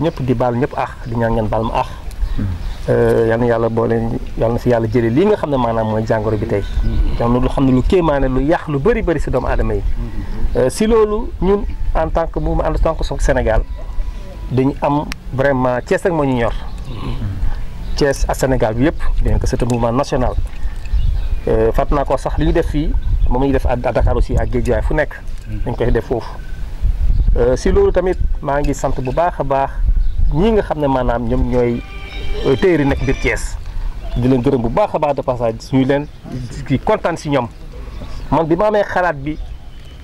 ñëpp di baal ñëpp ax di ñaan ngeen baal ma ax euh, yal na yàlla boole yal na si yàlla jëlee lii nga xam ne maanaam mooy jàngoro bi tey ñoom lu xam ne lu kéemaane lu yàq lu bari bëri si doomu aadama yi euh, si loolu ñun en tant que mouvement And Tank Sonk Sénégal dañu am vraiment Thiès moo ñu ñor Thiès ak Sénégal bi yëpp bien que c'est un national euh, fàtt naa ko sax li ñu def fii moom la ñu def à Dakar aussi ak Guédiawaye fu nekk dañ koy def foofu si loolu tamit maa ngi sant bu baax a baax ñii nga xam ne maanaam ñoom ñooy euh, téeri nekk biir Thiès di leen gërëm bu baax a baax de passage suñu leen di kontaan si ñoom man bi ma amee xalaat bi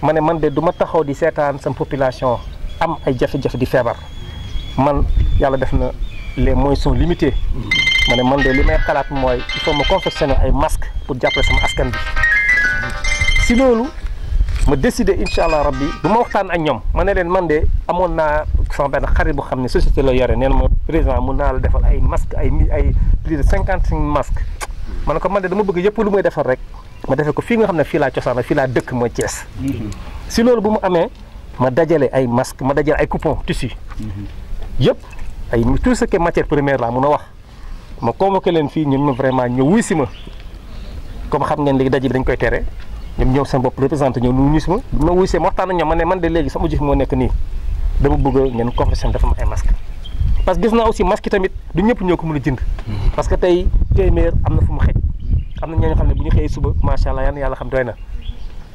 ma ne man de du ma taxaw di seetaan sama population am ay jafe-jafe di feebar man yàlla def na les moyens sont limités ma ne man de li may xalaat mooy il faut ma confectionner ay masques pour jàppale sama askan bi si loolu. ma décidé incha allah rabbi bu ma waxtaan ak ñoom ma ne leen man de amoon naa sama benn xarit bu xam ne société la yore neen na ma président mun naa la defal ay masque ay ay plus de cinquante cinq masques ma ne ko man de dama bëgg yëpp lu may defal rek ma defe ko fii nga xam ne fii laa cosaan fii laa dëkk mooy Thiès mhm. si loolu bu mu amee ma dajale ay masque ma dajale ay coupon tissu mhm. yëpp ay tout ce qui est première laa mun a wax ma convoqué leen fii ñun ma vraiment ñëw wuy si ma comme xam ngeen léegi daje dañ koy tere ñoom ñoom seen bopp représenté ñoom ñu ñuus ma bi ma wuysee ma waxtaan ak ñoom ma ne man de léegi sama jëf moo nekk nii dama bëgg ngeen coffre am a jënd parce que tey na fu mu xam ne bu ñu xëyee suba macha allah yan yàlla xam doy na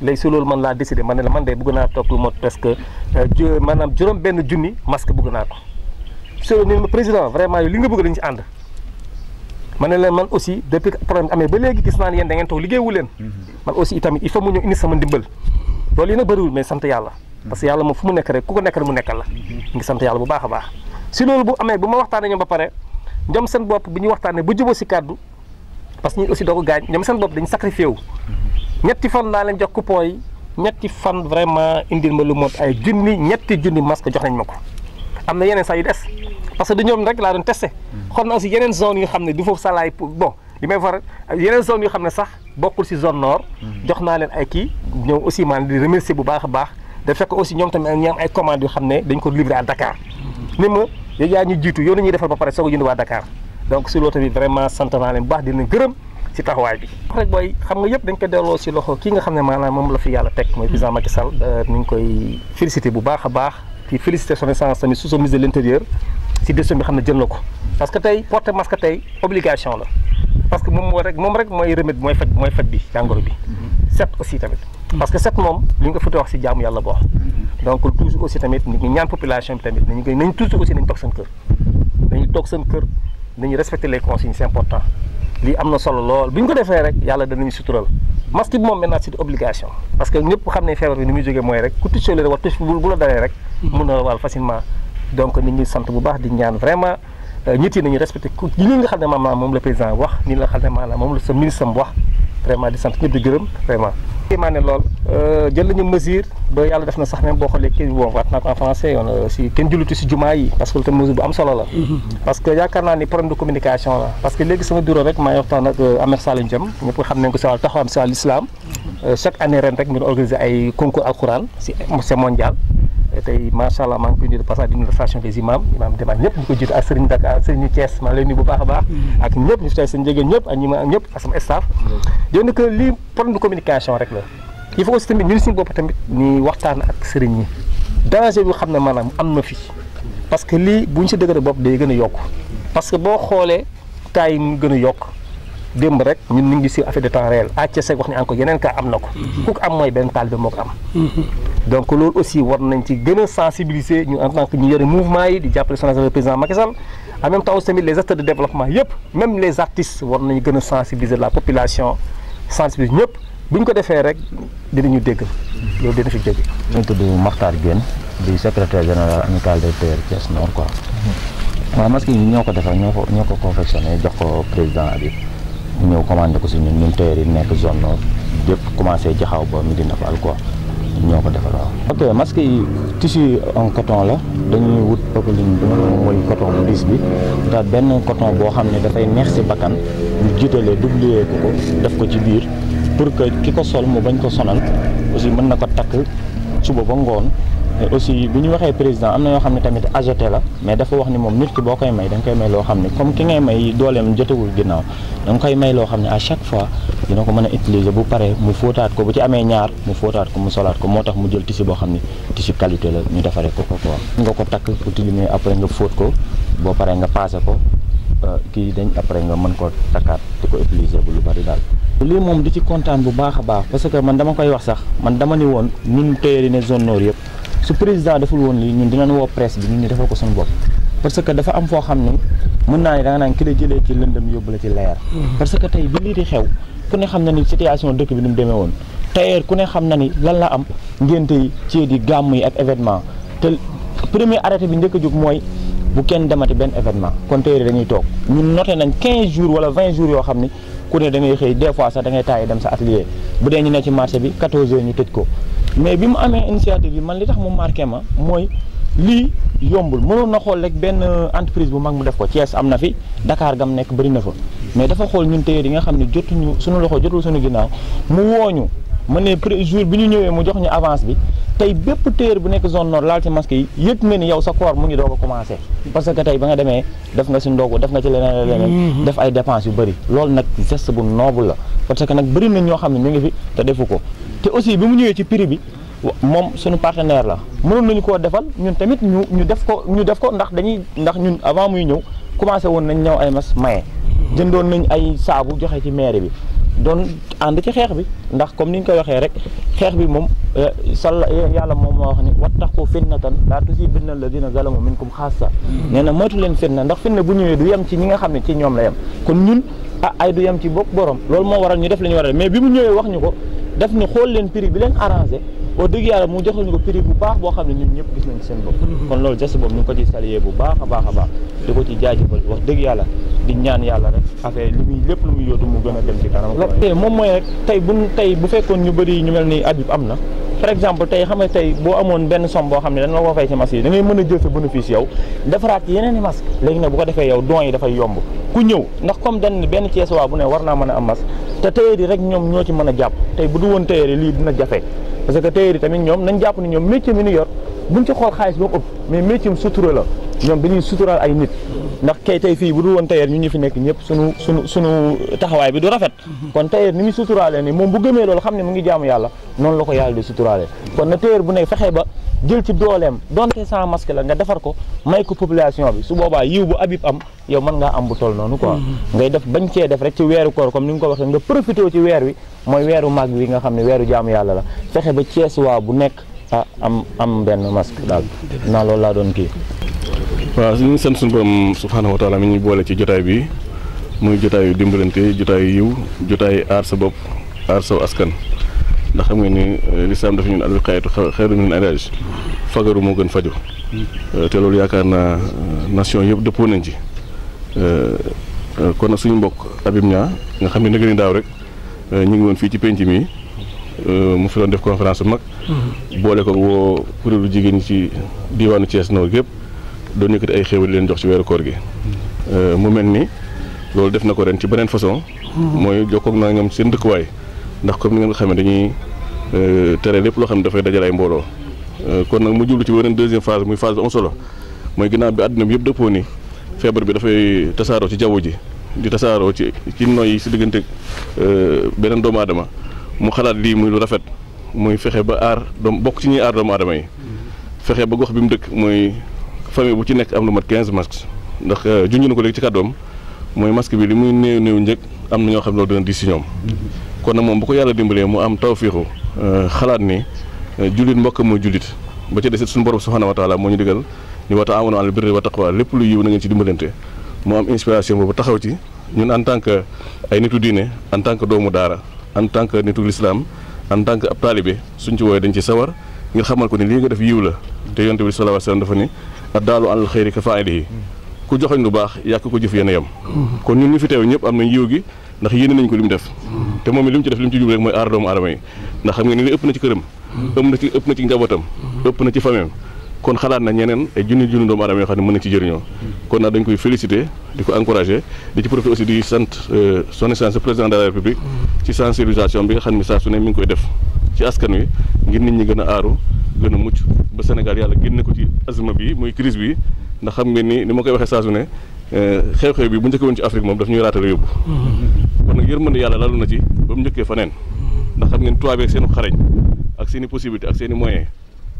léegi loolu man laa décidé man ne la man de bëgg naa topp lu mot parce que euh, maanaam juróom benn junni masque bëgg naa ko si loolu ne ma président vraiment yow li nga bëgg dañu ci ànd ma ne leen man aussi depuis problème amee ba léegi gis naa ne yéen da ngeen toog liggéeyu leen mhm. man aussi itamit il faut mu ñëw indi sama ndimbal loolu yi nag bëriwul sant yàlla parce que yàlla moom fu mu nekk rek ku ko nekk rek mu nekkal la mhm. ngi sant yàlla bu baax a baax si loolu bu amee bu ma waxtaanee ñoom ba pare ñoom seen bopp bi ñu waxtaanee ba jubóo si kàddu parce que ñu aussi doo ko gaañ ñoom seen bopp dañu sacrifié wu mhm. ñetti fan laa leen jox coupon yi ñetti fan vraiment indil ma lu mot ay junni ñetti junni masque jox nañ ma ko am na yeneen saa des parce que du rek laa doon testé. xool na aussi yeneen zone yu xam ne du foofu salaay bon li may far yeneen zone yu xam ne sax bokkul si zone nord. jox naa leen ay kii ñoom aussi maanaam di remercier bu baax a baax. da fekk aussi ñoom tamit ñi am ay commandes yoo xam ne dañ ko livré à Dakar ni ma yéen ñu jiitu yow ñuy defar ba pare soog a jënd waa Dakar donc si loolu tamit vraiment sant naa leen bu baax di leen gërëm si taxawaay bi. wax xam nga yëpp loxo kii nga xam ne maanaam moom la fi yàlla teg mooy président Macky Sall. Euh, ñu ngi si décision bi xam ne jël na ko parce que tey porter masque tey obligation la parce moom moo rek moom rek mooy remède mooy faj mooy faj bi jàngoro bi set aussi tamit parce set moom li nga fa wax si jaamu yàlla boo donc toujours aussi tamit nit ñi ñaan population bi tamit nañu nañu toujours aussi nañu toog seen kër nañu toog seen kër nañu respecter les consignes c'est important lii am na solo lool bu ñu ko defee rek yàlla danañu sutural masque bi moom maintenant c'est obligation parce donc nit ñuy sant bu baax di ñaan vraiment ñit euh, yi nañu respecté ku ñi nga xam ne maanaam moom la président wax ñi nga xam ne maanaam moom la sa ministre am wax vraiment di sant ñëpp maa ne lool euh, jël ba yàlla def na sax même boo xoolee kenn bon waat naa ko en euh, am solo la mhm. parce que yaakaar naa ni problème de la parce que léegi sama bureau rek maa ngi waxtaan ak xam nañ ko si wàllu taxawaam si wàllu islam chaque année ren rek ñu organiser ay concours alquran si mondial Euh, tey macha allah maa ngi koy nuyu de passage administration des imams imam demaat ñëpp ñu ko jiitu ak sëriñ Dakar sëriñ Thiès maa ngi lay bu baax a baax. Mm. ak ñëpp ñu fi tey seen jege ñëpp ak ñi ma ñëpp ak mm. lii problème de communication rek la. il faut aussi tamit ñun suñu bopp tamit ñuy waxtaan ak sëriñ ñi danger bi xam ne maanaam am na fi parce que lii bu ñu si dëgër bopp day gën a yokk parce que boo xoolee taay mu gën a yokk. démb rek ñun ñu ngi si affaire de temps réel HCC wax ni encore yeneen cas am na ko. Mhm. ku ko am mooy benn taalibe moo ko am. Mhm. donc loolu aussi war nañ ci gën a sensibiliser ñu en tant que ñu yore mouvement yi di jàppale son excellence président Macky Sall en même temps aussi tamit les acteurs de développement yëpp même les artistes war nañu gën a sensibiliser la population sensibiliser ñëpp bu ñu ko defee rek dinañu dégg loolu dina fi jóge. ñu tudd Makhtar Diène di secrétaire général amical des tailleurs mhm. ñoo ko defar ñoo ko ñoo ko confectionné jox ko président ñëw commandé ko si ñun ñu tailleur yi nekk zone nord yëpp commencé jaxaw ba mi dina fa quoi ñoo ko defal waaw. ok masque yi tissu en coton la dañuy wut popeline bi mooy coton bu diis bi daal benn coton boo xam ne dafay neex si bakkan ñu jiitalee doublé ko ko def ko ci biir pour que ki ko sol mu bañ ko sonal aussi mën na ko takk suba ba ngoon. aussi bu ñu waxee président am na ñoo xam ne tamit azoté la mais dafa wax ni moom nit ki boo koy may da koy may loo xam ne comme ki ngay may dooleem jotewul ginnaaw da koy may loo xam ne à chaque fois dina ko mën a utiliser bu paree mu fóotaat ko bu ci amee ñaar mu fóotaat ko mu solaat ko moo tax mu jël tissu boo xam ne tissu qualité la ñu defaree ko ko quoi. nga ko takk bu tilimee après nga fóot ko boo paree nga passé ko kii dañ après nga mën koo takkaat di ko utiliser bu lu bari daal. lii moom di ci kontaan bu baax a baax parce que man dama koy wax sax man dama ni woon ñun téyeri ne zone nord yëpp. su président deful woon lii ñun dinañ woo presse bi ñun ñu defal ko suñu bopp parce que dafa am foo xam ne mën naa ne da nga naan ki la jëlee ci lëndëm yóbbu la ci leer mm-hmm. parce que tey bi lii di xew ku ne xam na ni situation dëkk bi ni demee woon tailleur ku ne xam na ni lan la am ngénte yi ceet di gàmm yi ak événement te premier arrêté bi njëkk a jóg mooy bu kenn demati benn événement kon tailleur yi dañuy toog ñun noté nañ 15 jours wala 20 jours yoo xam ne da ngay xëy des fois sax dem sa atelier bu dee ñu ne ñu tëj ko mais bi mu amee initiative yi man li tax mu marqué ma mooy lii yombul mënoon na xool rek benn euh, entreprise bu mag mu def ko Thiès am na fi Dakar gam nekk bëri na fa mais dafa xool ñun téye yi nga xam ne jotuñu suñu loxo jotul suñu ginnaaw mu wooñu ma ne jour bi ñu ñëwee mu jox ñu avance bi tey bépp téer bu nekk zone nord laal ci masque yi yëg na ni yow sa koor mu ngi doo a commencé parce que tey ba nga demee def nga si ndogu def nga ci leneen leneen mm-hmm. def ay dépenses yu bëri loolu nag geste bu noble la parce que nag bëri na ñoo xam ne ñu ngi fi te defu ko te aussi bi mu ñëwee ci prix bi moom suñu partenaire la mënoon nañu koo defal ñun tamit ñu ñu def ko ñu def ko ndax dañuy ndax ñun avant muy ñëw commencé woon nañ ñëw ay mas maye jëndoon nañ ay saabu joxe ci maire bi doon ànd ci xeex bi ndax comme ni ñu koy waxee rek xeex bi moom eh, sal yàlla moom moo wax ni wattaqu fitnatan laa tusiibanna lladiina zalamu minkum xaassa nee na moytu leen fitna ndax fitna bu ñëwee du yem ci ñi nga xam ne ci ñoom la yem kon ñun a ah, ay du yem ci bokk borom loolu moo waral ñu def la ñu waral mais bi mu ñëwee wax ñu ko def ni xool leen prix bi leen arrangé wax dëgg yàlla mu joxal ñu ko prix bu baax boo xam ne ñun ñëpp gis nañ seen bopp mm-hmm. kon loolu geste boobu ñu ko ci saluer bu baax a baax a baax di ko ci jaajëfal wax dëgg yàlla di ñaan yàlla rek affaire lu muy lépp lu muy yóotu mu gën a dem ci kanam eh, moom mooy tey bu tey bu fekkoon ñu bëri ñu mel ni Habib am na par exemple te xam nga tey boo amoon benn somme boo xam ne dañ la ko fay ci masque yi da mën a jël sa bénéfice yow defaraat ci yeneen yow don yi dafay yomb ku ñëw ndax comme dañ benn Cees waa bu ne war naa mën a am masque te tailleur yi rek ñoom ñoo ci mën a jàpp tey bu du woon tailleur lii dina jafe parce que tailleur yi tamit ñoom nañ jàpp ni ñoom métier mi ñu yor buñ ci xool xaalis boobu ëpp mais métier sutura la ñoom dañuy suturaal ay nit ndax kay tey fii bu dul woon tailleur ñu ñu fi nekk ñëpp sunu sunu sunu taxawaay bi du rafet kon tailleur ni muy suturaalee ni moom bu gëmee loolu xam ne mu ngi jaamu yàlla noonu la ko yàlla di suturaalee kon na tailleur bu nekk fexe ba jël ci dooleem donte sans masque la nga defar ko may ko population bi su boobaa yiw bu Habib am yow mën ngaa am bu toll noonu quoi mm-hmm. ngay def bañ cee def rek ci weeru koor comme ni nga ko waxee nga profité ci weer wi mooy weeru mag wi nga xam ne weeru yàlla la fexe ba Cees waa bu nekk ah am am benn masque daal mm-hmm. naa loolu laa doon kii waaw ñu ngi sant suñu borom subhaanahu wa taala ñu boole ci jotaay bi muy jotaayu dimbalante jotaayu yiw jotaayu aar sa bopp aar saw askan ndax xam nga ni eh, lislaam dafa ñun alwiqaayatu xayru min al-ilaaj fagaru moo gën faju eh, te loolu yaakaar naa eh, nation yëpp dëppoo nañ ci kon nag suñu mbokk Habib nga xam ne nag daaw rek ñu ngi woon fii ci penc mi mu fi doon def conférence bu mag mm-hmm. boole ko woo kuréelu jigéen ñi ci diiwaanu Thiès Nord gépp doon yëkkati ay xéewal leen jox ci weeru koor gi euh, mu mel ni loolu def na ko ren ci beneen façon mooy jokkoog naa ñoom seen dëkkuwaay ndax comme ni ngeen ko xamee dañuy euh, tere lépp loo xam ne dafay dajal ay mbooloo euh, kon nag mu jublu ci beneen deuxième phase muy phase bu am solo mooy ginnaaw bi àddina bi yëpp dëppoo ni feebar bi dafay tasaaroo ci jaww ji di tasaaroo ci ci noyyi si diggante beneen doomu aadama mu xalaat lii muy lu rafet muy fexe ba aar doom bokk ci ñuy aadama yi fexe ba gox bi mu dëkk mooy famille bu ci nekk am lu mat 15 masques ndax euh, junj na ko léegi ci kàddoom mooy masque bi li muy néew néew njëkk am na ñoo xam ne loolu dana di si ñoom kon nag moom bu ko yàlla dimbalee mu am tawfiixu euh, xalaat ni euh, jullit mbokk mooy jullit ba ci desit suñu borom subhanahu wa taala moo ñu digal ñu wa ta'aawanu alal birri wa lépp lu yiw na ngeen ci dimbalante mu am inspiration boobu taxaw ci ñun en tant que ay nitu diine en tant que doomu daara en tant que nitu lislaam en tant que ab taalibe suñ ci woowee dañ ci sawar ngir xamal ko ni lii nga def yiw la te yonte bi sallallahu alayhi wasallam dafa ni ak daalu àlal xëyri ka faa'ilihi ku joxoñ lu baax yàq ko jëf yéen a yem kon ñun ñu fi teew ñëpp am nañ yiw gi ndax yéene nañ ko li mu def te moom li mu ci def li ci jublu rek mooy aar doomu aadama yi ndax xam nga ni li ëpp na ci këram ëpp na ci ëpp na ci ëpp na ci famem kon xalaat na ñeneen ay junni junni doomu aadama yoo xam ne mën na ci jëriñoo kon nag dañ koy féliciter di ko encourager di ci profiter aussi di sant euh, son excellence président ci sensibilisation bi nga xam ne saa su ne mi ngi koy def ci askan wi ngir nit ñi gën a aaru gën a mucc ba Sénégal yàlla génne ko ci asma bi muy crise bi ndax xam ngeen ni ni ma koy waxee saa su ne eh, xew-xew bi bu njëkkee woon ci Afrique moom daf ñuy raatale yóbbu. kon nag yërmande yàlla lalu na ci ba mu njëkkee faneen ndax xam ngeen tubaab ak seen xarañ ak seen i possibilité ak seen i moyens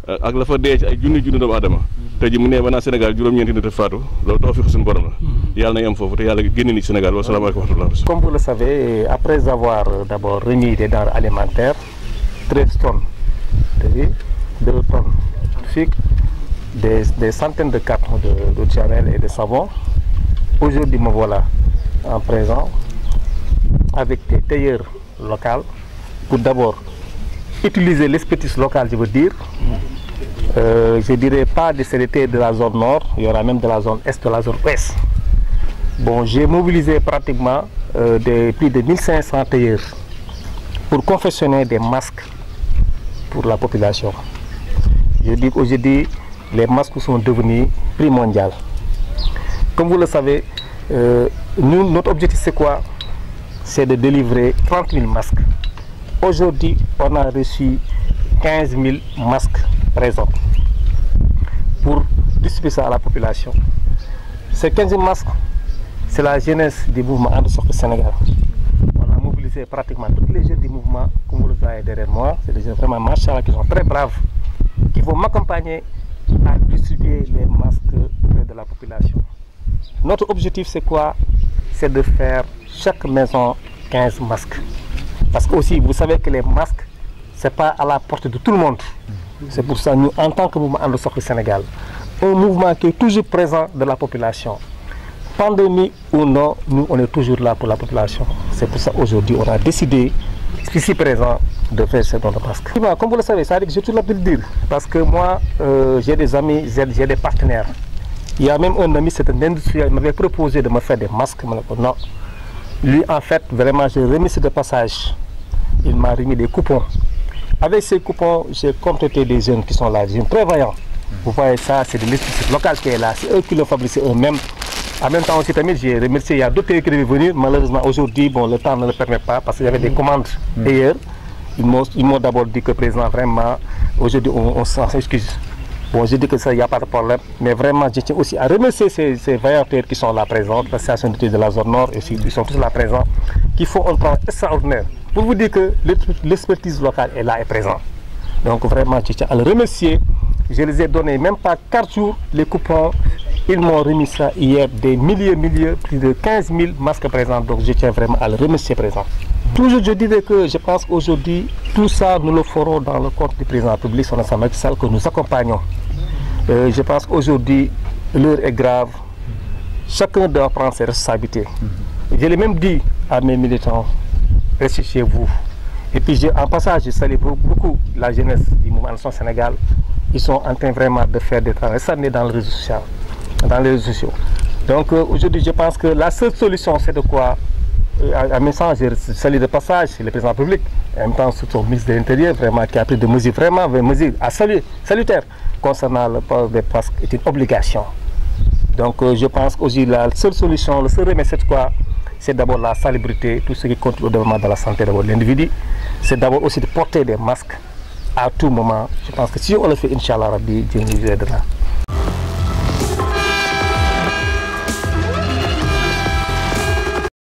eh, ak la fa dee ci ay junni junni doomu aadama tey ji mu nee banaa Sénégal juróom-ñeenti nit a faatu loolu tawfiq suñu borom la yàlla na yem foofu te yàlla génne ni Sénégal wa salaamu alaykum wa rahmatullah comme vous le savez après c'est-à-dire 2 de sucre, des, des, centaines de cartons de, de et de savon. Aujourd'hui, me voilà en présent avec des tailleurs locaux pour d'abord utiliser l'expertise local je veux dire. Euh, je dirais pas de CDT de la zone nord, il y aura même de la zone est, de la zone ouest. Bon, j'ai mobilisé pratiquement de euh, des, plus de 1500 tailleurs pour confectionner des masques pour la population. Je dis qu'aujourd'hui, les masques sont devenus primordiaux. Comme vous le savez, euh, nous, notre objectif c'est quoi C'est de délivrer 30 000 masques. Aujourd'hui, on a reçu 15 000 masques présents pour distribuer à la population. Ces 15 000 masques, c'est la jeunesse du mouvement de Sénégal. fait pratiquement toutes les jeunes du mouvement, comme vous le voyez derrière moi. C'est des vraiment machallah qui sont très braves, qui vont m'accompagner à distribuer les masques de la population. Notre objectif, c'est quoi C'est de faire chaque maison 15 masques. Parce que aussi, vous savez que les masques, ce n'est pas à la porte de tout le monde. C'est pour ça, nous, en tant que mouvement en du Sénégal, un mouvement qui est toujours présent de la population. toujours là pour la C'est pour ça aujourd'hui on a décidé présent de faire ce don de masque. Comme vous le savez, ça je suis là de dire parce que moi euh, j'ai des amis, j'ai des partenaires. Il y a même un ami, c'est un industriel, il m'avait proposé de me faire des masques. Non. Lui, en fait, vraiment, j'ai remis ce de passage. Il m'a remis des coupons. Avec ces coupons, j'ai complété des jeunes qui sont là, des jeunes prévoyants. Vous voyez ça, c'est qui est là. C'est En même temps aussi, j'ai remercié, il y a qui devaient venir. Malheureusement, aujourd'hui, le temps ne le permet pas parce qu'il y avait des commandes d'ailleurs. Hmm. Ils m'ont d'abord dit que président, vraiment, aujourd'hui, on, on excuse. Bon, je que ça, il n'y a pas de problème. Mais vraiment, je tiens aussi à remercier ces, ces vaillanteurs qui sont là présents, de la zone nord aussi, ils sont tous là présents, qui font un extraordinaire. Pour vous dire Ils m'ont remis ça hier, des milliers, milliers, plus de 15 000 masques présents. Donc je tiens vraiment à le remercier présent. Toujours je disais que je pense qu'aujourd'hui, tout ça, nous le ferons dans le compte du président public, son ensemble que nous accompagnons. Euh, je pense qu'aujourd'hui, l'heure est grave. Chacun doit prendre ses responsabilités. Je l'ai même dit à mes militants, restez vous. Et puis en passage, je salue beaucoup la jeunesse du mouvement Sénégal. Ils sont en train de faire des travaux. Ça dans le réseau dans les réseaux sociaux. Donc euh, aujourd'hui, je pense que la seule solution, c'est de quoi euh, à, à mes sens, j'ai salué de passage le président public, en même temps surtout le de l'Intérieur, qui a pris des mesures vraiment, des mesures à saluer, salutaires concernant le port des pasques est une obligation. Donc euh, je pense qu'aujourd'hui, la seule solution, le seul remède, c'est quoi C'est d'abord la salubrité, tout ce qui contribue de la santé de l'individu. C'est d'abord aussi de porter des masques à tout moment. Je pense que si on le fait, Inch'Allah,